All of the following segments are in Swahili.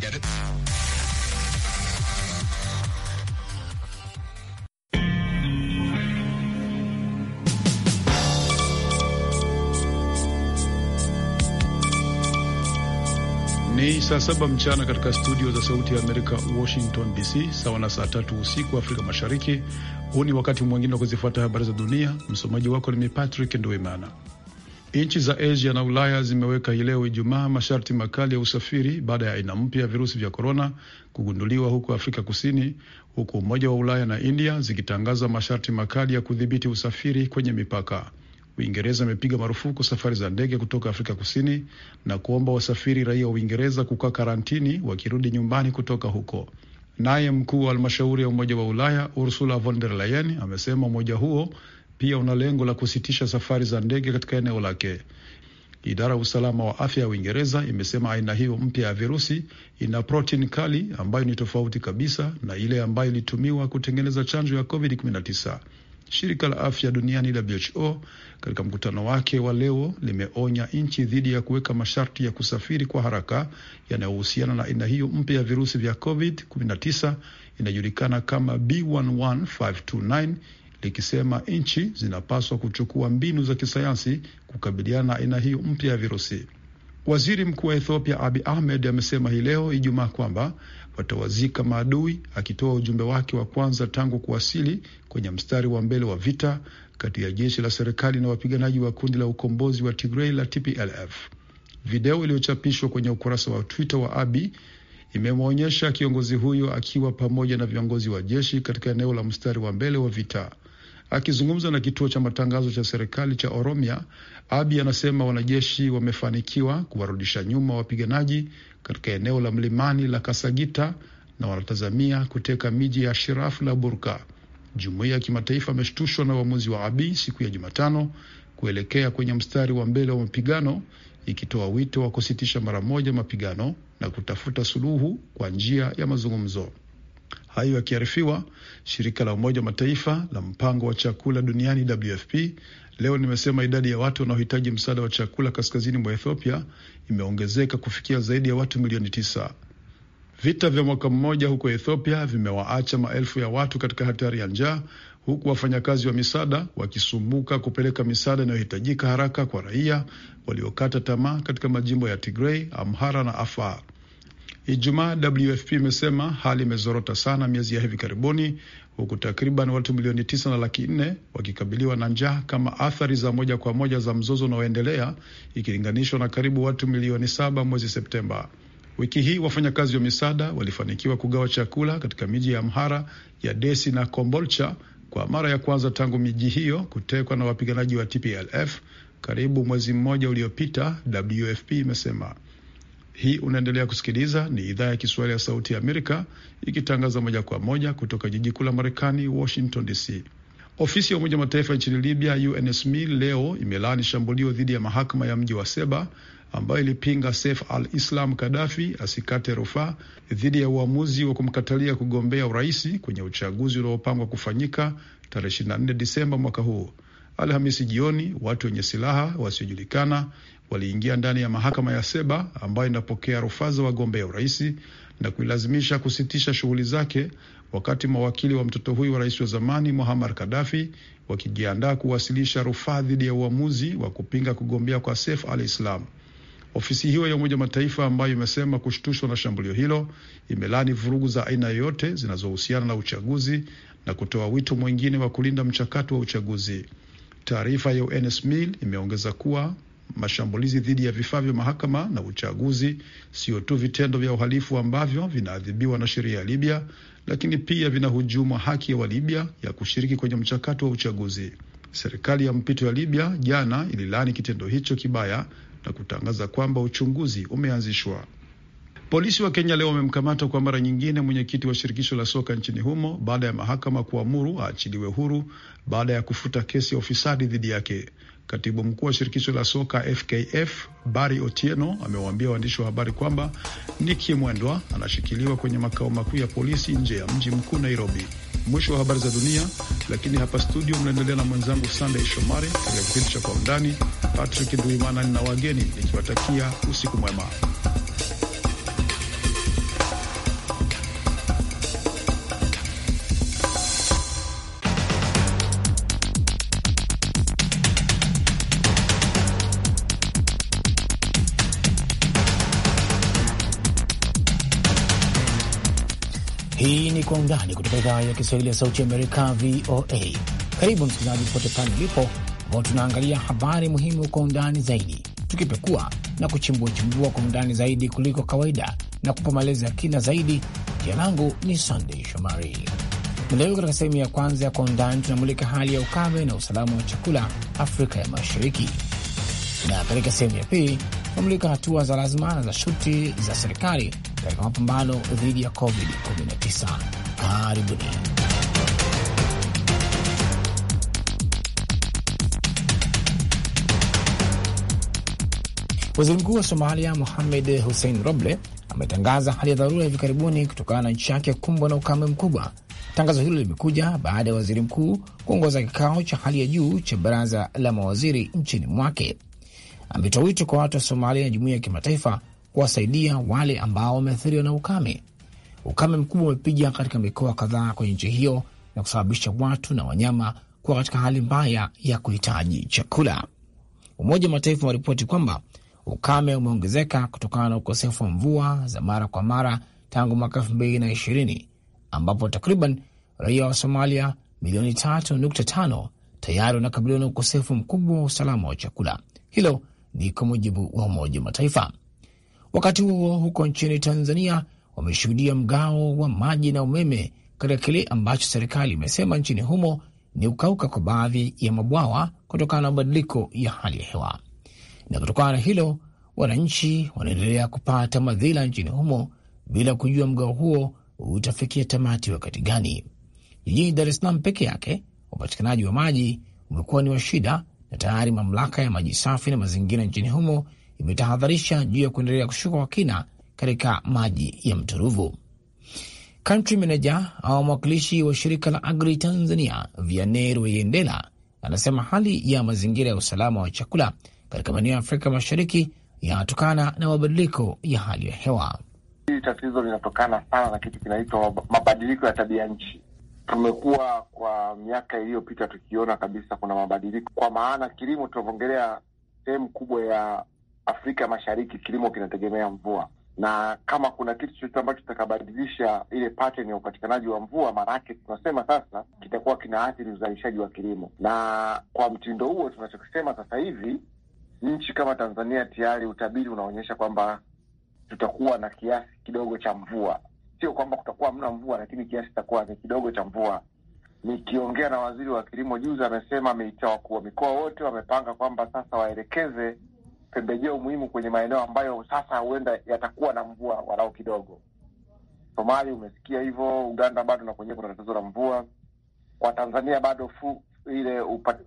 Get it? Ni saa saba mchana katika studio za Sauti ya Amerika, Washington DC, sawa na saa tatu usiku Afrika Mashariki. Huu ni wakati mwingine wa kuzifuata habari za dunia. Msomaji wako ni mimi Patrick Nduimana. Nchi za Asia na Ulaya zimeweka hii leo Ijumaa masharti makali ya usafiri baada ya aina mpya ya virusi vya korona kugunduliwa huko Afrika Kusini, huku Umoja wa Ulaya na India zikitangaza masharti makali ya kudhibiti usafiri kwenye mipaka. Uingereza imepiga marufuku safari za ndege kutoka Afrika Kusini na kuomba wasafiri raia wa Uingereza kukaa karantini wakirudi nyumbani kutoka huko. Naye mkuu wa halmashauri ya Umoja wa Ulaya Ursula von der Leyen amesema umoja huo pia una lengo la kusitisha safari za ndege katika eneo lake. Idara ya usalama wa afya ya Uingereza imesema aina hiyo mpya ya virusi ina protini kali ambayo ni tofauti kabisa na ile ambayo ilitumiwa kutengeneza chanjo ya COVID-19. Shirika la afya duniani WHO katika mkutano wake wa leo limeonya nchi dhidi ya kuweka masharti ya kusafiri kwa haraka yanayohusiana na aina hiyo mpya ya virusi vya COVID-19 inayojulikana kama B11529 likisema nchi zinapaswa kuchukua mbinu za kisayansi kukabiliana na aina hiyo mpya ya virusi. Waziri Mkuu wa Ethiopia Abi Ahmed amesema hii leo Ijumaa kwamba watawazika maadui, akitoa ujumbe wake wa kwanza tangu kuwasili kwenye mstari wa mbele wa vita kati ya jeshi la serikali na wapiganaji wa kundi la ukombozi wa Tigrei la TPLF. Video iliyochapishwa kwenye ukurasa wa Twitter wa Abi imemwonyesha kiongozi huyo akiwa pamoja na viongozi wa jeshi katika eneo la mstari wa mbele wa vita. Akizungumza na kituo cha matangazo cha serikali cha Oromia, Abi anasema wanajeshi wamefanikiwa kuwarudisha nyuma wapiganaji katika eneo la mlimani la Kasagita na wanatazamia kuteka miji ya Shiraf na Burka. Jumuiya ya kimataifa ameshtushwa na uamuzi wa Abi siku ya Jumatano kuelekea kwenye mstari wa mbele wa mapigano, ikitoa wito wa kusitisha mara moja mapigano na kutafuta suluhu kwa njia ya mazungumzo. Hayo yakiarifiwa, shirika la Umoja wa Mataifa la mpango wa chakula duniani WFP leo nimesema idadi ya watu wanaohitaji msaada wa chakula kaskazini mwa Ethiopia imeongezeka kufikia zaidi ya watu milioni tisa. Vita vya mwaka mmoja huko Ethiopia vimewaacha maelfu ya watu katika hatari ya njaa, huku wafanyakazi wa misaada wakisumbuka kupeleka misaada inayohitajika haraka kwa raia waliokata tamaa katika majimbo ya tigrei Amhara na Afar. Ijumaa WFP imesema hali imezorota sana miezi ya hivi karibuni, huku takriban watu milioni tisa na laki nne wakikabiliwa na njaa kama athari za moja kwa moja za mzozo unaoendelea ikilinganishwa na karibu watu milioni saba mwezi Septemba. Wiki hii wafanyakazi wa misaada walifanikiwa kugawa chakula katika miji ya Amhara ya Desi na Kombolcha kwa mara ya kwanza tangu miji hiyo kutekwa na wapiganaji wa TPLF karibu mwezi mmoja uliopita, WFP imesema. Hii unaendelea kusikiliza ni idhaa ya Kiswahili ya Sauti ya Amerika ikitangaza moja kwa moja kutoka jiji kuu la Marekani, Washington DC. Ofisi ya Umoja Mataifa nchini Libya, UNSM, leo imelaani shambulio dhidi ya mahakama ya mji wa Seba ambayo ilipinga Saif al Islam Kadafi asikate rufaa dhidi ya uamuzi wa kumkatalia kugombea uraisi kwenye uchaguzi uliopangwa kufanyika tarehe 24 Disemba mwaka huu. Alhamisi jioni, watu wenye silaha wasiojulikana waliingia ndani ya mahakama ya Seba ambayo inapokea rufaa za wagombea urais na kuilazimisha kusitisha shughuli zake wakati mawakili wa mtoto huyu wa rais wa zamani muhamar kadafi wakijiandaa kuwasilisha rufaa dhidi ya uamuzi wa kupinga kugombea kwa Saif al-Islam. Ofisi hiyo ya Umoja Mataifa ambayo imesema kushtushwa na shambulio hilo imelani vurugu za aina yoyote zinazohusiana na uchaguzi na kutoa wito mwingine wa kulinda mchakato wa uchaguzi. Taarifa ya UNSMIL imeongeza kuwa Mashambulizi dhidi ya vifaa vya mahakama na uchaguzi sio tu vitendo vya uhalifu ambavyo vinaadhibiwa na sheria ya Libya, lakini pia vinahujumwa haki ya Walibya ya kushiriki kwenye mchakato wa uchaguzi. Serikali ya mpito ya Libya jana ililani kitendo hicho kibaya na kutangaza kwamba uchunguzi umeanzishwa. Polisi wa Kenya leo wamemkamata kwa mara nyingine mwenyekiti wa shirikisho la soka nchini humo baada ya mahakama kuamuru aachiliwe huru baada ya kufuta kesi ya ufisadi dhidi yake. Katibu mkuu wa shirikisho la soka FKF Barry Otieno amewaambia waandishi wa habari kwamba Nicky Mwendwa anashikiliwa kwenye makao makuu ya polisi nje ya mji mkuu Nairobi. Mwisho wa habari za dunia, lakini hapa studio mnaendelea na mwenzangu Sandey Shomari katika kipindi cha Kwa Undani. Patrick Nduimana nina wageni nikiwatakia usiku mwema. undani kutoka idhaa ya Kiswahili ya Sauti Amerika, VOA. Karibu msikilizaji, popote pale ulipo, ambao tunaangalia habari muhimu kwa undani zaidi, tukipekua na kuchimbuachimbua kwa undani zaidi kuliko kawaida na kupa maelezo ya kina zaidi. Jina langu ni Sandey Shomari. Leo katika sehemu ya kwanza ya kwa undani tunamulika hali ya ukame na usalama wa chakula Afrika ya Mashariki, na katika sehemu ya pili tunamulika hatua za lazima na za shuti za serikali katika mapambano dhidi ya COVID-19. Karibuni. Waziri mkuu wa Somalia Mohamed Hussein Roble ametangaza hali ya dharura hivi karibuni kutokana na nchi yake kumbwa na ukame mkubwa. Tangazo hilo limekuja baada ya waziri mkuu kuongoza kikao cha hali ya juu cha baraza la mawaziri nchini mwake. Ametoa wito kwa watu wa Somalia na jumuiya ya kimataifa kuwasaidia wale ambao wameathiriwa na ukame Ukame mkubwa umepiga katika mikoa kadhaa kwenye nchi hiyo na kusababisha watu na wanyama kuwa katika hali mbaya ya kuhitaji chakula. Umoja wa Mataifa waripoti kwamba ukame umeongezeka kutokana na ukosefu wa mvua za mara kwa mara tangu mwaka elfu mbili na ishirini ambapo takriban raia wa Somalia milioni tatu nukta tano tayari wanakabiliwa na ukosefu mkubwa wa usalama wa chakula. Hilo ni kwa mujibu wa Umoja wa Mataifa. Wakati huo huko nchini Tanzania, wameshuhudia mgao wa maji na umeme katika kile ambacho serikali imesema nchini humo ni kukauka kwa baadhi ya mabwawa kutokana na mabadiliko ya hali ya hewa. Na kutokana na hilo, wananchi wanaendelea kupata madhila nchini humo bila kujua mgao huo utafikia tamati wakati gani. Jijini Dar es Salaam peke yake upatikanaji wa maji umekuwa ni wa shida, na tayari mamlaka ya maji safi na mazingira nchini humo imetahadharisha juu ya kuendelea kushuka kwa kina katika maji ya mto Ruvu. Country manager au mwakilishi wa shirika la Agri Tanzania Vianney Rweyendela anasema hali ya mazingira ya usalama wa chakula katika maeneo ya Afrika Mashariki yanatokana na mabadiliko ya hali ya hewa. Hili tatizo linatokana sana na kitu kinaitwa mabadiliko ya tabia nchi. Tumekuwa kwa miaka iliyopita tukiona kabisa kuna mabadiliko, kwa maana kilimo tunavyoongelea, sehemu kubwa ya Afrika Mashariki kilimo kinategemea mvua na kama kuna kitu chochote ambacho kitakabadilisha ile pattern ya upatikanaji wa mvua, maanake tunasema sasa kitakuwa kinaathiri uzalishaji wa kilimo. Na kwa mtindo huo, tunachokisema sasa hivi, nchi kama Tanzania tayari utabiri unaonyesha kwamba tutakuwa na kiasi kidogo cha mvua. Sio kwamba kutakuwa mna mvua, lakini kiasi kitakuwa ni kidogo cha mvua. Nikiongea na waziri wa kilimo juzi, amesema ameita wakuu wa mikoa wote, wamepanga kwamba sasa waelekeze pembejeo muhimu kwenye maeneo ambayo sasa huenda yatakuwa na mvua walau kidogo. Somali umesikia hivyo, Uganda bado na kwenyewe kuna tatizo la mvua. Kwa Tanzania bado fu, ile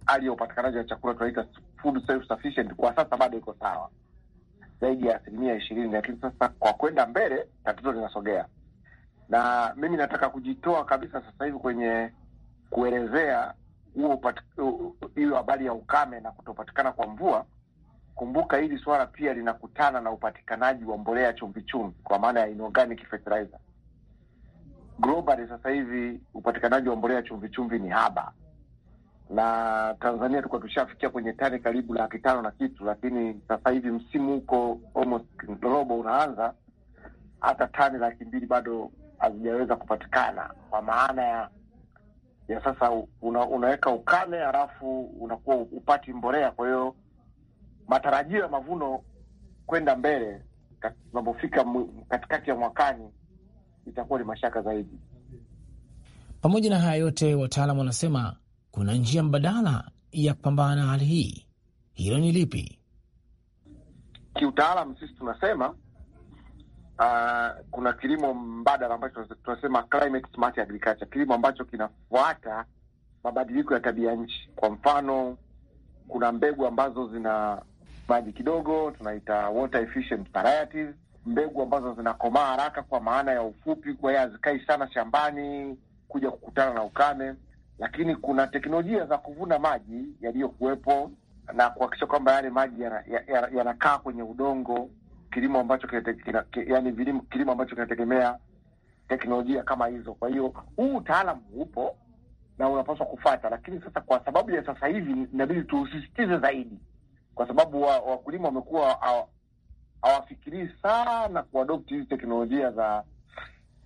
hali ya upatikanaji wa chakula tunaita food self sufficient kwa sasa bado iko sawa zaidi ya asilimia ishirini, lakini sasa kwa kwenda mbele tatizo linasogea, na mimi nataka kujitoa kabisa sasa hivi kwenye kuelezea hiyo habari ya ukame na kutopatikana kwa mvua Kumbuka hili swala pia linakutana na upatikanaji wa mbolea chumvi, kwa maana ya inorganic fertilizer. Globally sasa hivi upatikanaji wa mbolea chumvi ni haba, na Tanzania tulikuwa tushafikia kwenye tani karibu laki tano na kitu, lakini sasa hivi msimu huko almost robo unaanza, hata tani laki mbili bado hazijaweza kupatikana, kwa maana ya ya sasa una, unaweka ukame halafu unakuwa upati mbolea, kwa hiyo matarajio ya mavuno kwenda mbele tunapofika katikati ya mwakani itakuwa ni mashaka zaidi. Pamoja na haya yote, wataalam wanasema kuna njia mbadala ya kupambana na hali hii. Hilo ni lipi? Kiutaalam sisi tunasema uh, kuna kilimo mbadala ambacho tunasema climate smart agriculture, kilimo ambacho kinafuata mabadiliko ya tabia nchi. Kwa mfano, kuna mbegu ambazo zina maji kidogo, tunaita water efficient varieties, mbegu ambazo zinakomaa haraka kwa maana ya ufupi, kwa hiyo hazikai sana shambani kuja kukutana na ukame. Lakini kuna teknolojia za kuvuna maji yaliyokuwepo na kuhakikisha kwamba yale maji yanakaa yana, yana, kwenye udongo, kilimo ambacho kina, yani kilimo ambacho kinategemea teknolojia kama hizo. Kwa hiyo huu utaalamu upo na unapaswa kufata, lakini sasa kwa sababu ya sasa hivi inabidi tuusisitize zaidi kwa sababu wakulima wa wamekuwa hawafikirii sana kuadopt hizi teknolojia za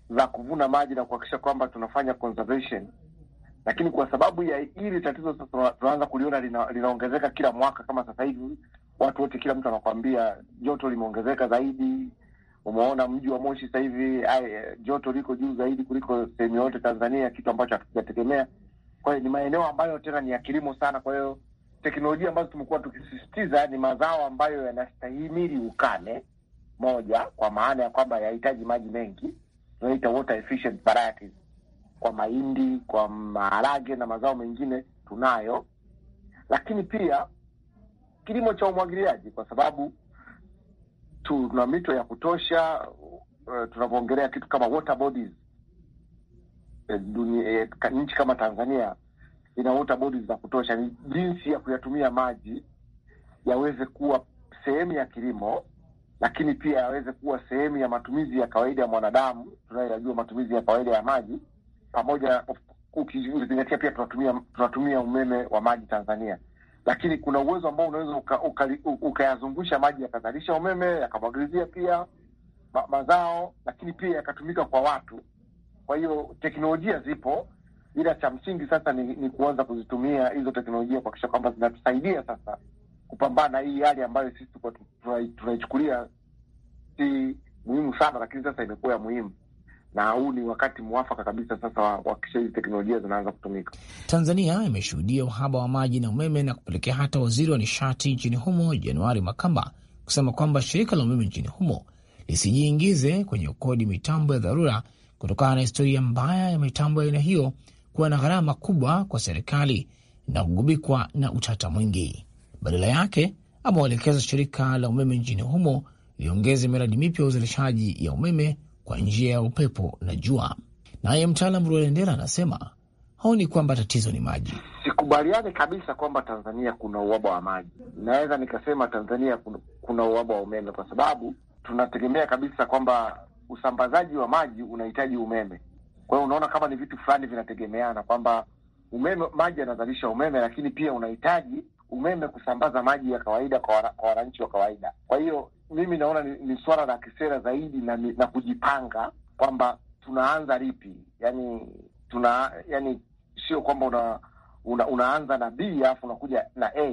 za kuvuna maji na kuhakikisha kwamba tunafanya conservation, lakini kwa sababu ya hili tatizo sasa tunaanza kuliona linaongezeka lina kila mwaka. Kama sasa hivi watu wote, kila mtu anakwambia joto limeongezeka zaidi. Umeona mji wa Moshi sasa hivi joto liko juu zaidi kuliko sehemu yote Tanzania, kitu ambacho hatujategemea. Kwa hiyo ni maeneo ambayo tena ni ya kilimo sana, kwa hiyo teknolojia ambazo tumekuwa tukisisitiza ni mazao ambayo yanastahimili ukame. Moja, kwa maana ya kwamba yahitaji maji mengi, tunaita water efficient varieties kwa mahindi, kwa maharage na mazao mengine tunayo, lakini pia kilimo cha umwagiliaji kwa sababu tuna mito ya kutosha. Uh, eh, tunapoongelea kitu kama water bodies, uh, dunia, uh, nchi kama Tanzania ina water bodies za kutosha, ni jinsi ya kuyatumia maji yaweze kuwa sehemu ya kilimo, lakini pia yaweze kuwa sehemu ya matumizi ya kawaida ya mwanadamu tunayoyajua, matumizi ya kawaida ya maji, pamoja ukizingatia pia tunatumia tunatumia umeme wa maji Tanzania, lakini kuna uwezo ambao unaweza ukayazungusha uka, uka maji yakazalisha umeme yakamwagilizia pia ma, mazao, lakini pia yakatumika kwa watu. Kwa hiyo teknolojia zipo ila cha msingi sasa ni, ni kuanza kuzitumia hizo teknolojia kuhakikisha kwamba zinatusaidia sasa kupambana hii hali ambayo sisi tulikuwa tunaichukulia si muhimu sana, lakini sasa imekuwa ya muhimu na huu ni wakati mwafaka kabisa sasa wa kuhakikisha hizi teknolojia zinaanza kutumika. Tanzania imeshuhudia uhaba wa maji na umeme na kupelekea hata waziri wa nishati nchini humo Januari Makamba kusema kwamba shirika la umeme nchini humo lisijiingize kwenye kodi mitambo ya dharura kutokana na historia mbaya ya mitambo ya aina hiyo kuwa na gharama kubwa kwa serikali na kugubikwa na utata mwingi. Badala yake amewaelekeza shirika la umeme nchini humo liongeze miradi mipya ya uzalishaji ya umeme kwa njia ya upepo na jua. Naye mtaalam Ruelendera anasema haoni kwamba tatizo ni maji. Sikubaliani kabisa kwamba Tanzania kuna uhaba wa maji. Naweza nikasema Tanzania kuna uhaba wa umeme, kwa sababu tunategemea kabisa kwamba usambazaji wa maji unahitaji umeme. Kwa hiyo unaona kama ni vitu fulani vinategemeana kwamba umeme, maji yanazalisha umeme, lakini pia unahitaji umeme kusambaza maji ya kawaida kwa wananchi wa kawaida. Kwa hiyo mimi naona ni, ni suala la kisera zaidi na, na kujipanga kwamba tunaanza lipi, yani tuna yani sio kwamba una, una, unaanza na B alafu unakuja na A.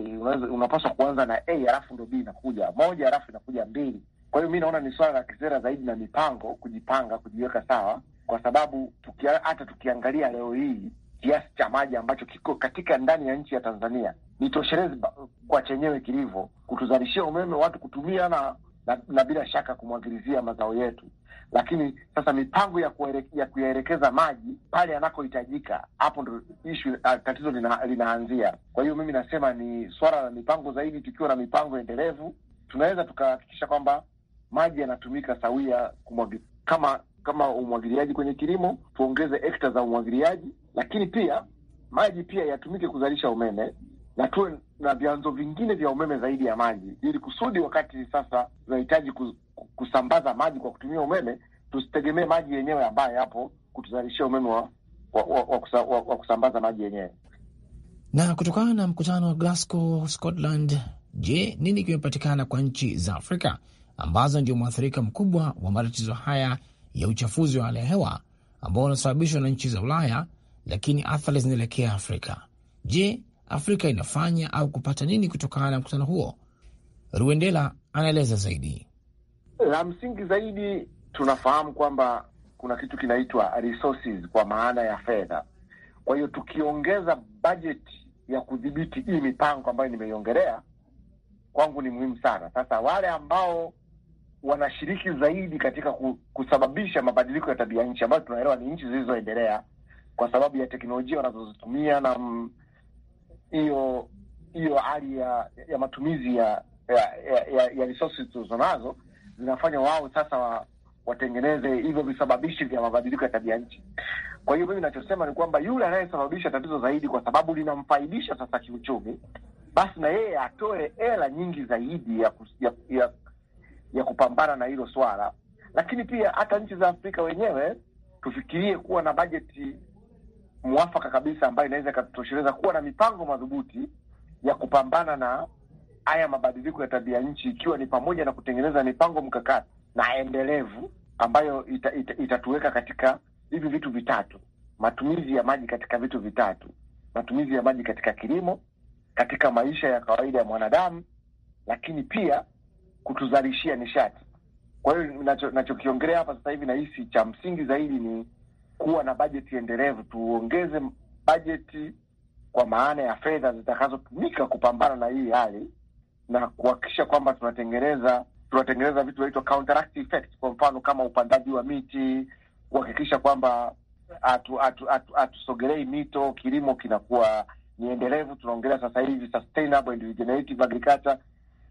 unapaswa kuanza na A alafu ndo B inakuja moja alafu inakuja mbili. Kwa hiyo mi naona ni suala la kisera zaidi na mipango, kujipanga, kujiweka sawa kwa sababu tukia, hata tukiangalia leo hii kiasi cha maji ambacho kiko katika ndani ya nchi ya Tanzania ni toshelezi kwa chenyewe kilivyo kutuzalishia umeme watu kutumia na, na, na bila shaka kumwagilizia mazao yetu. Lakini sasa mipango ya kuyaelekeza maji pale yanakohitajika, hapo ndo ishu tatizo lina, linaanzia. Kwa hiyo mimi nasema ni swala la mipango zaidi. Tukiwa na mipango endelevu, tunaweza tukahakikisha kwamba maji yanatumika sawia kumwagilizia kama kama umwagiliaji kwenye kilimo, tuongeze hekta za umwagiliaji, lakini pia maji pia yatumike kuzalisha umeme na tuwe na vyanzo vingine vya umeme zaidi ya maji, ili kusudi wakati sasa tunahitaji kusambaza maji kwa kutumia umeme, tusitegemee maji yenyewe ambayo yapo kutuzalishia umeme wa, wa, wa, wa, kusa, wa, wa kusambaza maji yenyewe. Na kutokana na mkutano wa Glasgow, Scotland, je, nini kimepatikana kwa nchi za Afrika ambazo ndio mwathirika mkubwa wa matatizo haya ya uchafuzi wa hali ya hewa ambao unasababishwa na nchi za Ulaya, lakini athari zinaelekea Afrika. Je, Afrika inafanya au kupata nini kutokana na mkutano huo? Ruendela anaeleza zaidi. La msingi zaidi, tunafahamu kwamba kuna kitu kinaitwa resources kwa maana ya fedha. Kwa hiyo tukiongeza bajeti ya kudhibiti hii mipango ambayo nimeiongelea, kwangu ni muhimu sana. Sasa wale ambao wanashiriki zaidi katika kusababisha mabadiliko ya tabia nchi ambayo tunaelewa ni nchi zilizoendelea, kwa sababu ya teknolojia wanazozitumia na mm, hiyo hiyo hali ya, ya matumizi ya ya, ya, ya resources tulizonazo zinafanya wao sasa wa, watengeneze hivyo visababishi vya mabadiliko ya tabia nchi. Kwa hiyo mimi nachosema ni kwamba yule anayesababisha tatizo zaidi, kwa sababu linamfaidisha sasa kiuchumi, basi na yeye atoe hela nyingi zaidi ya, ya, ya ya kupambana na hilo swala, lakini pia hata nchi za Afrika wenyewe tufikirie kuwa na bajeti mwafaka kabisa ambayo inaweza ikatutosheleza kuwa na mipango madhubuti ya kupambana na haya mabadiliko ya tabia nchi, ikiwa ni pamoja na kutengeneza mipango mkakati na endelevu ambayo ita, ita, itatuweka katika hivi vitu vitatu: matumizi ya maji katika vitu vitatu, matumizi ya maji katika kilimo, katika maisha ya kawaida ya mwanadamu, lakini pia kutuzalishia nishati. Kwa hiyo nachokiongelea nacho hapa sasa hivi nahisi cha msingi zaidi ni kuwa na bajeti endelevu, tuongeze bajeti kwa maana ya fedha zitakazotumika kupambana na hii hali na kuhakikisha kwamba tunatengeneza tunatengeneza vitu vinaitwa counteract effect, kwa mfano kama upandaji wa miti, kuhakikisha kwamba hatusogelei mito, kilimo kinakuwa ni endelevu. Tunaongelea sasa hivi sustainable and regenerative agriculture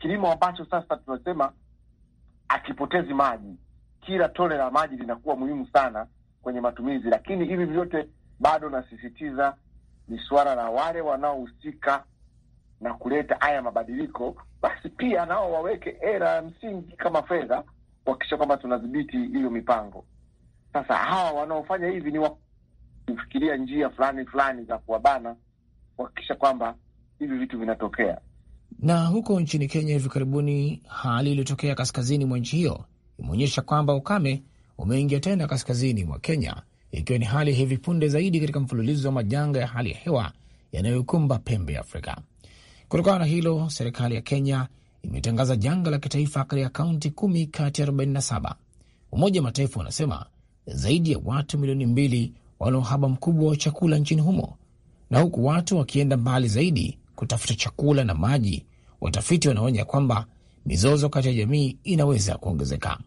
kilimo ambacho sasa tunasema akipotezi maji, kila tone la maji linakuwa muhimu sana kwenye matumizi. Lakini hivi vyote bado nasisitiza ni suala la wale wanaohusika na kuleta haya mabadiliko, basi pia nao waweke era ya msingi kama fedha kuhakikisha kwamba tunadhibiti hiyo mipango. Sasa hawa wanaofanya hivi ni wakufikiria njia fulani fulani za kuwabana kuhakikisha kwamba hivi vitu vinatokea. Na huko nchini Kenya, hivi karibuni hali iliyotokea kaskazini mwa nchi hiyo imeonyesha kwamba ukame umeingia tena kaskazini mwa Kenya, ikiwa ni hali hivi punde zaidi katika mfululizo wa majanga ya hali ya hewa yanayokumba pembe ya Afrika. Kutokana na hilo, serikali ya Kenya imetangaza janga la kitaifa katika kaunti kumi kati ya 47. Umoja wa Mataifa unasema zaidi ya watu milioni mbili wana uhaba mkubwa wa chakula nchini humo, na huku watu wakienda mbali zaidi kutafuta chakula na maji, watafiti wanaonya kwamba mizozo kati ya jamii inaweza kuongezeka.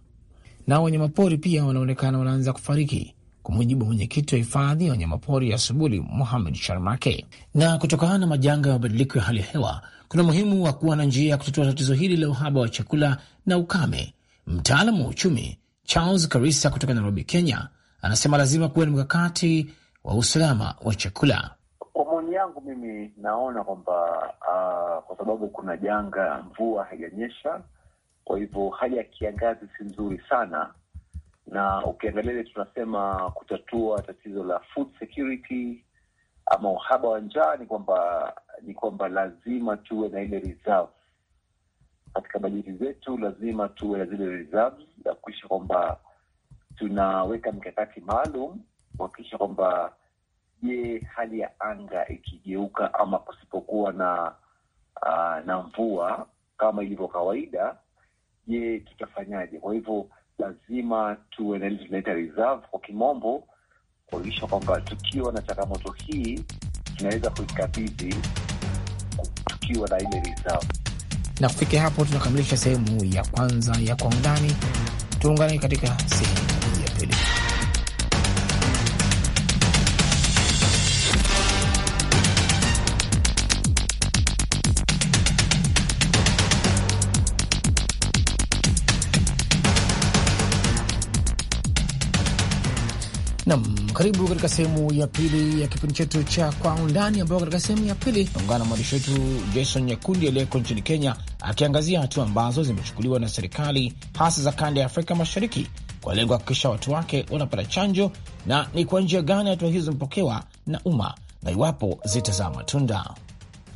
Na wanyamapori pia wanaonekana wanaanza kufariki, kwa mujibu wa mwenyekiti wa hifadhi ya wanyamapori ya Subuli, Muhamed Sharmake. Na kutokana na majanga ya mabadiliko ya hali ya hewa, kuna umuhimu wa kuwa na njia ya kutatua tatizo hili la uhaba wa chakula na ukame. Mtaalamu wa uchumi Charles Karisa kutoka Nairobi, Kenya, anasema lazima kuwe na mkakati wa usalama wa chakula yangu mimi naona kwamba uh, kwa sababu kuna janga, mvua haijanyesha, kwa hivyo hali ya kiangazi si nzuri sana, na ukiangalia tunasema kutatua tatizo la food security ama uhaba wa njaa ni kwamba ni kwamba lazima tuwe na ile reserve katika bajeti zetu, lazima tuwe na zile reserve za kuhakikisha kwamba tunaweka mkakati maalum kuhakikisha kwamba Je, hali ya anga ikigeuka ama kusipokuwa na uh, na mvua kama ilivyo kawaida, je, tutafanyaje? Kwa hivyo lazima tuwe na ile tunaita reserve kwa kimombo, kuakikisha kwamba tukiwa na changamoto hii tunaweza kuikabidhi tukiwa na ile reserve. Na kufikia hapo tunakamilisha sehemu ya kwanza ya Kwa Undani. Tuungane katika sehemu Nam, karibu katika sehemu ya pili ya kipindi chetu cha Kwa Undani, ambapo katika sehemu ya pili tunaungana na mwandishi wetu Jason Nyakundi aliyeko nchini Kenya akiangazia hatua ambazo zimechukuliwa na serikali hasa za kanda ya Afrika Mashariki kwa lengo ya kuhakikisha watu wake wanapata chanjo na ni kwa njia gani hatua hizo zimepokewa na umma na iwapo zitazaa matunda.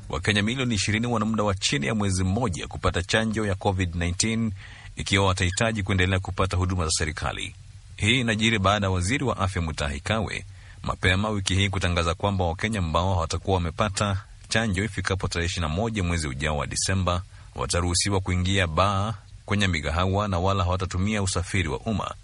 Wakenya milioni 20 wana muda wa chini ya mwezi mmoja kupata chanjo ya COVID-19 ikiwa watahitaji kuendelea kupata huduma za serikali. Hii inajiri baada ya waziri wa afya Mutahi Kagwe mapema wiki hii kutangaza kwamba Wakenya ambao hawatakuwa wamepata chanjo ifikapo tarehe ishirini na moja mwezi ujao wa Disemba wataruhusiwa kuingia baa, kwenye migahawa na wala hawatatumia usafiri wa umma.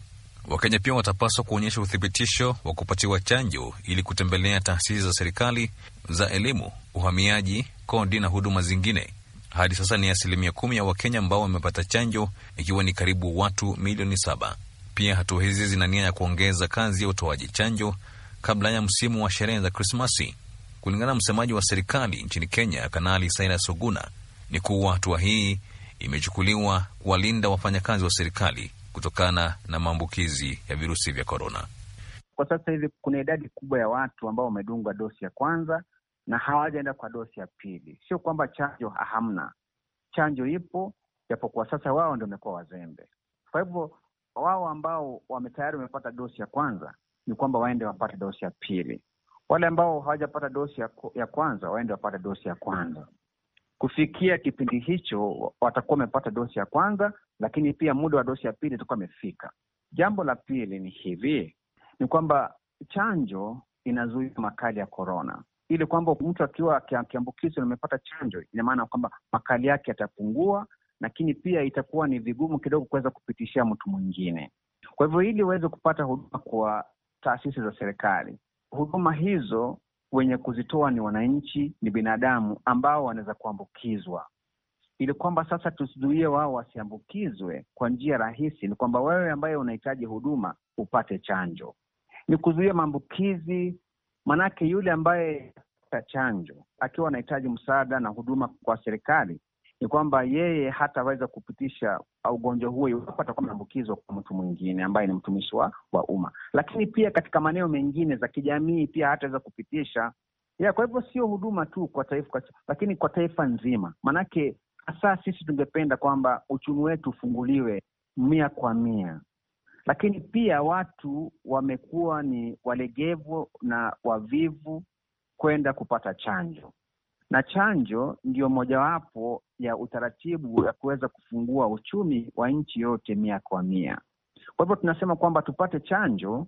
Wakenya pia watapaswa kuonyesha uthibitisho wa kupatiwa chanjo ili kutembelea taasisi za serikali za elimu, uhamiaji, kodi na huduma zingine. Hadi sasa ni asilimia kumi ya Wakenya ambao wamepata chanjo, ikiwa ni karibu watu milioni saba. Pia hatua hizi zina nia ya kuongeza kazi ya utoaji chanjo kabla ya msimu wa sherehe za Krismasi. Kulingana na msemaji wa serikali nchini Kenya, Kanali saira soguna ni kuwa hatua hii imechukuliwa kuwalinda wafanyakazi wa serikali kutokana na maambukizi ya virusi vya korona. Kwa sasa hivi kuna idadi kubwa ya watu ambao wamedungwa dosi ya kwanza na hawajaenda kwa dosi ya pili. Sio kwamba chanjo hamna, chanjo ipo, japokuwa sasa wao ndio wamekuwa wazembe. Kwa hivyo wao ambao wametayari wamepata dosi ya kwanza ni kwamba waende wapate dosi ya pili. Wale ambao hawajapata dosi ya, ya kwanza waende wapate dosi ya kwanza. Kufikia kipindi hicho watakuwa wamepata dosi ya kwanza, lakini pia muda wa dosi ya pili itakuwa amefika Jambo la pili ni hivi, ni kwamba chanjo inazuia makali ya korona, ili kwamba mtu akiwa akiambukizwa na amepata chanjo, ina maana kwamba makali yake yatapungua lakini pia itakuwa ni vigumu kidogo kuweza kupitishia mtu mwingine. Kwa hivyo ili uweze kupata huduma kwa taasisi za serikali, huduma hizo wenye kuzitoa ni wananchi, ni binadamu ambao wanaweza kuambukizwa. Ili kwamba sasa tuzuie wao wasiambukizwe kwa njia rahisi, ni kwamba wewe ambaye unahitaji huduma upate chanjo, ni kuzuia maambukizi. Manake yule ambaye ta chanjo akiwa anahitaji msaada na huduma kwa serikali ni kwamba yeye hataweza kupitisha ugonjwa huo iwapo atakuwa ameambukizwa kwa mtu mwingine ambaye ni mtumishi wa, wa umma. Lakini pia katika maeneo mengine za kijamii pia hataweza kupitisha ya, kwa hivyo sio huduma tu kwa taifa kwa, lakini kwa taifa nzima, maanake hasa sisi tungependa kwamba uchumi wetu ufunguliwe mia kwa mia, lakini pia watu wamekuwa ni walegevu na wavivu kwenda kupata chanjo na chanjo ndiyo mojawapo ya utaratibu ya kuweza kufungua uchumi wa nchi yote mia kwa mia. Kwa hivyo tunasema kwamba tupate chanjo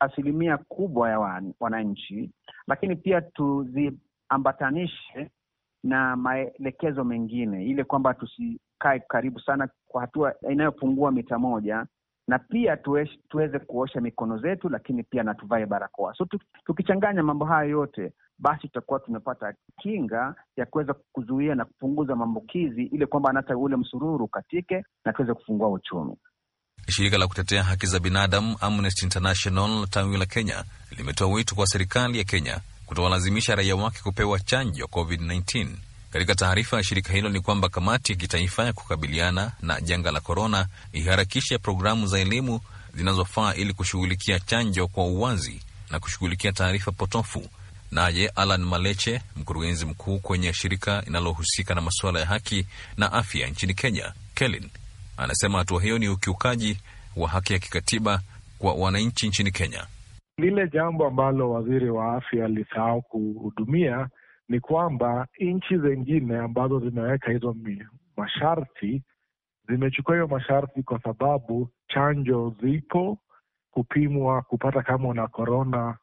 asilimia kubwa ya wananchi, lakini pia tuziambatanishe na maelekezo mengine, ile kwamba tusikae karibu sana kwa hatua inayopungua mita moja na pia tuweze kuosha mikono zetu, lakini pia na tuvae barakoa. So tukichanganya mambo hayo yote basi tutakuwa tunapata kinga ya kuweza kuzuia na kupunguza maambukizi, ili kwamba hata ule msururu ukatike na tuweze kufungua uchumi. Shirika la kutetea haki za binadamu Amnesty International tawi la Kenya limetoa wito kwa serikali ya Kenya kutowalazimisha raia wake kupewa chanjo ya COVID-19. Katika taarifa ya shirika hilo ni kwamba kamati ya kitaifa ya kukabiliana na janga la korona iharakishe programu za elimu zinazofaa ili kushughulikia chanjo kwa uwazi na kushughulikia taarifa potofu Naye Alan Maleche, mkurugenzi mkuu kwenye shirika linalohusika na masuala ya haki na afya nchini Kenya, KELIN, anasema hatua hiyo ni ukiukaji wa haki ya kikatiba kwa wananchi nchini Kenya. Lile jambo ambalo waziri wa afya alisahau kuhudumia ni kwamba nchi zengine ambazo zimeweka hizo masharti zimechukua hiyo masharti kwa sababu chanjo zipo, kupimwa kupata kama una korona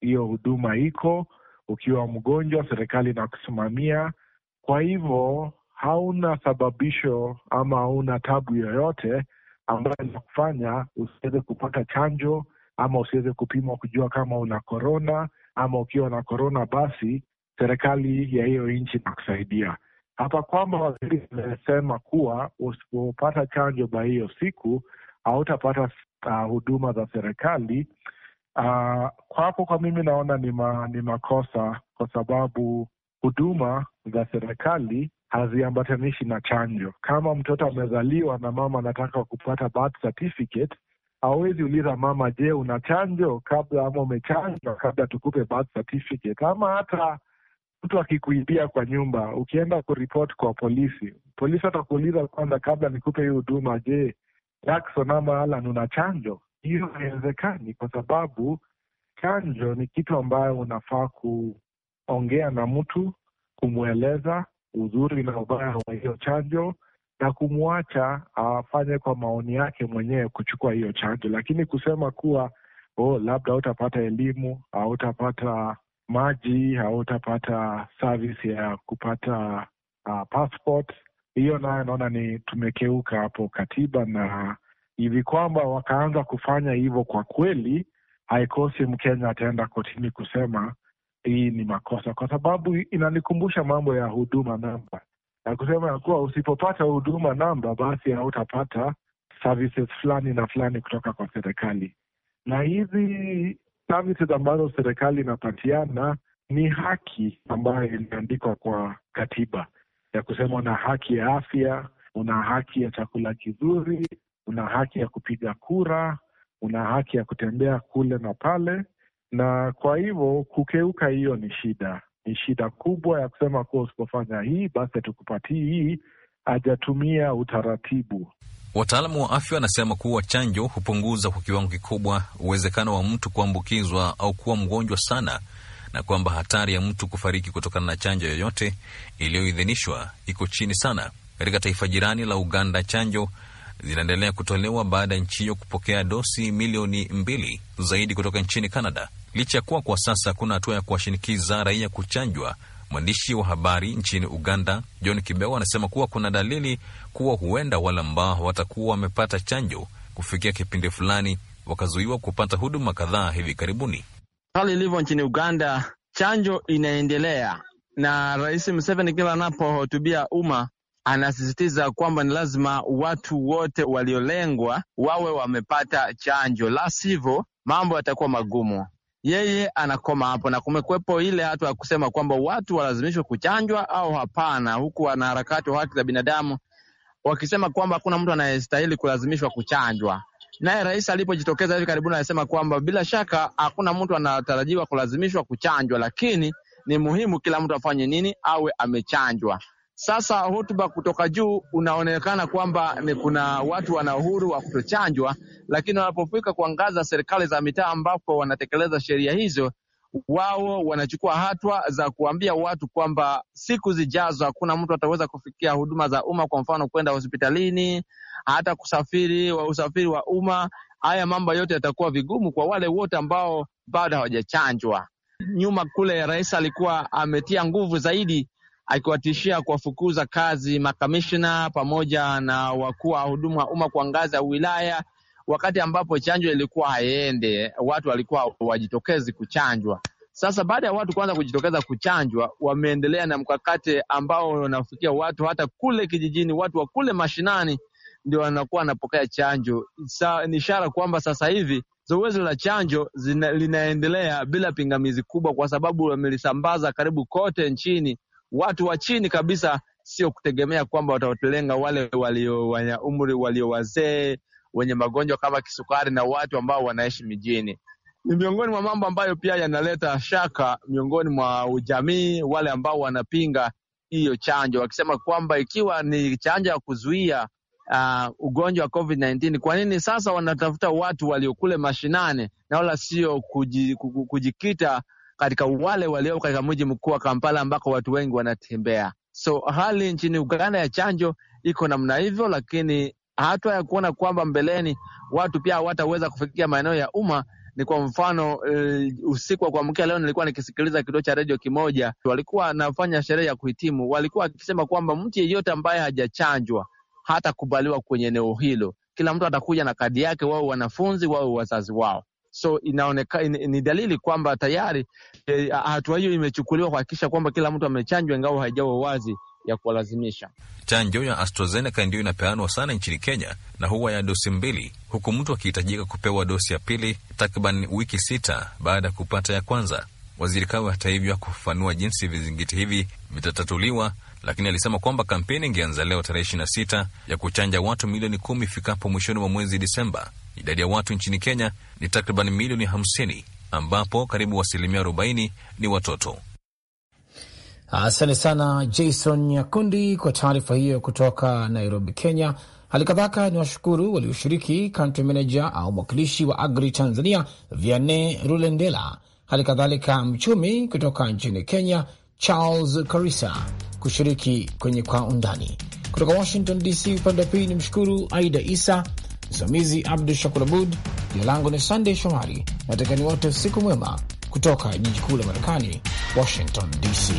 hiyo huduma iko. Ukiwa mgonjwa, serikali inakusimamia. Kwa hivyo hauna sababisho ama hauna tabu yoyote ambayo inakufanya usiweze kupata chanjo ama usiweze kupimwa kujua kama una korona ama ukiwa na korona, basi serikali ya hiyo nchi inakusaidia. hapa kwamba waziri amesema kuwa usipopata chanjo ba hiyo siku hautapata uh, huduma za serikali Uh, ah, kwa hapo kwa mimi naona ni, ma, ni makosa kwa sababu huduma za serikali haziambatanishi na chanjo. Kama mtoto amezaliwa na mama anataka kupata birth certificate, hawezi uliza mama, je, una chanjo kabla ama umechanjwa kabla tukupe birth certificate? Ama hata mtu akikuibia kwa nyumba, ukienda kuripot kwa polisi, polisi atakuuliza kwanza, kabla nikupe hii huduma, je, Jackson ama Alan una chanjo? hiyo haiwezekani, kwa sababu chanjo ni kitu ambayo unafaa kuongea na mtu, kumweleza uzuri na ubaya wa hiyo chanjo na kumwacha afanye kwa maoni yake mwenyewe kuchukua hiyo chanjo, lakini kusema kuwa oh, labda hautapata elimu, hautapata maji, hautapata service ya kupata uh, passport, hiyo nayo naona ni tumekeuka hapo katiba na hivi kwamba wakaanza kufanya hivyo kwa kweli, haikosi Mkenya ataenda kotini kusema hii ni makosa, kwa sababu inanikumbusha mambo ya huduma namba na kusema ya kuwa usipopata huduma namba, basi hautapata services fulani na fulani kutoka kwa serikali. Na hizi services ambazo serikali inapatiana ni haki ambayo imeandikwa kwa katiba ya kusema una haki ya afya, una haki ya chakula kizuri, una haki ya kupiga kura, una haki ya kutembea kule na pale, na kwa hivyo kukeuka hiyo ni shida, ni shida kubwa ya kusema kuwa usipofanya hii basi hatukupatii hii. Hajatumia utaratibu. Wataalamu wa afya wanasema kuwa chanjo hupunguza kwa kiwango kikubwa uwezekano wa mtu kuambukizwa au kuwa mgonjwa sana, na kwamba hatari ya mtu kufariki kutokana na chanjo yoyote iliyoidhinishwa iko chini sana. Katika taifa jirani la Uganda, chanjo zinaendelea kutolewa baada ya nchi hiyo kupokea dosi milioni mbili zaidi kutoka nchini Canada, licha ya kuwa kwa sasa hakuna hatua ya kuwashinikiza raia kuchanjwa. Mwandishi wa habari nchini Uganda John Kibeo anasema kuwa kuna dalili kuwa huenda wale ambao watakuwa wamepata chanjo kufikia kipindi fulani wakazuiwa kupata huduma kadhaa hivi karibuni. Hali ilivyo nchini Uganda, chanjo inaendelea na Rais Museveni kila anapohutubia umma anasisitiza kwamba ni lazima watu wote waliolengwa wawe wamepata chanjo, la sivyo mambo yatakuwa magumu. Yeye anakoma hapo, na kumekwepo ile hatua ya kusema kwamba watu walazimishwe kuchanjwa au hapana, huku wanaharakati wa haki za binadamu wakisema kwamba hakuna mtu anayestahili kulazimishwa kuchanjwa. Naye rais alipojitokeza hivi karibuni alisema kwamba bila shaka hakuna mtu anatarajiwa kulazimishwa kuchanjwa, lakini ni muhimu kila mtu afanye nini, awe amechanjwa. Sasa hotuba kutoka juu, unaonekana kwamba ni kuna watu wana uhuru wa kutochanjwa, lakini wanapofika kwa ngazi za serikali za mitaa ambapo wanatekeleza sheria hizo, wao wanachukua hatua za kuambia watu kwamba siku zijazo hakuna mtu ataweza kufikia huduma za umma, kwa mfano kwenda hospitalini, hata kusafiri wa usafiri wa umma. Haya mambo yote yatakuwa vigumu kwa wale wote ambao bado hawajachanjwa. Nyuma kule rais alikuwa ametia nguvu zaidi akiwatishia kuwafukuza kazi makamishna pamoja na wakuu wa huduma wa umma kwa ngazi ya wilaya, wakati ambapo chanjo ilikuwa haiende, watu walikuwa wajitokezi kuchanjwa. Sasa baada ya watu kuanza kujitokeza kuchanjwa, wameendelea na mkakati ambao unafikia watu hata kule kijijini, watu wa kule mashinani ndio wanakuwa wanapokea chanjo. Ni ishara kwamba sasa hivi zoezi la chanjo zina, linaendelea bila pingamizi kubwa, kwa sababu wamelisambaza karibu kote nchini watu wa chini kabisa, sio kutegemea kwamba watawatelenga wale walio wenye umri, walio wazee, wenye magonjwa kama kisukari na watu ambao wanaishi mijini. Ni miongoni mwa mambo ambayo pia yanaleta shaka miongoni mwa ujamii, wale ambao wanapinga hiyo chanjo, wakisema kwamba ikiwa ni chanjo ya kuzuia uh, ugonjwa wa COVID-19, kwa nini sasa wanatafuta watu waliokule mashinani na wala sio kujikita katika wale walio katika mji mkuu wa Kampala ambako watu wengi wanatembea. So hali nchini Uganda ya chanjo iko namna hivyo, lakini hatua ya kuona kwamba mbeleni watu pia hawataweza kufikia maeneo ya umma ni kwa mfano uh, usiku wa kuamkia leo nilikuwa nikisikiliza kituo cha redio kimoja, walikuwa anafanya sherehe ya kuhitimu, walikuwa wakisema kwamba mtu yeyote ambaye hajachanjwa hatakubaliwa kwenye eneo hilo. Kila mtu atakuja na kadi yake, wao wanafunzi, wao wazazi wao. So inaonekana ni dalili kwamba tayari eh, hatua hiyo imechukuliwa kuhakikisha kwamba kila mtu amechanjwa, ingawa haijawa wazi ya kuwalazimisha. Chanjo ya AstraZeneca ndiyo inapeanwa sana nchini Kenya na huwa ya dosi mbili, huku mtu akihitajika kupewa dosi ya pili takriban wiki sita baada ya kupata ya kwanza. Waziri Kawe hata hivyo hakufafanua jinsi vizingiti hivi vitatatuliwa lakini alisema kwamba kampeni ingeanza leo tarehe ishirini na sita ya kuchanja watu milioni kumi ifikapo mwishoni mwa mwezi Disemba. Idadi ya watu nchini Kenya ni takriban milioni hamsini ambapo karibu asilimia arobaini ni watoto. Asante sana Jason Nyakundi kwa taarifa hiyo kutoka Nairobi, Kenya. Hali kadhalika ni washukuru walioshiriki, country manager au mwakilishi wa Agri Tanzania Vianne Rulendela, hali kadhalika mchumi kutoka nchini Kenya Charles Karisa kushiriki kwenye Kwa Undani kutoka Washington DC. Upande wa pili ni mshukuru Aida Isa, msimamizi Abdu Shakur Abud. Jina langu ni Sandey Shomari, watekani wote usiku mwema kutoka jiji kuu la Marekani, Washington DC.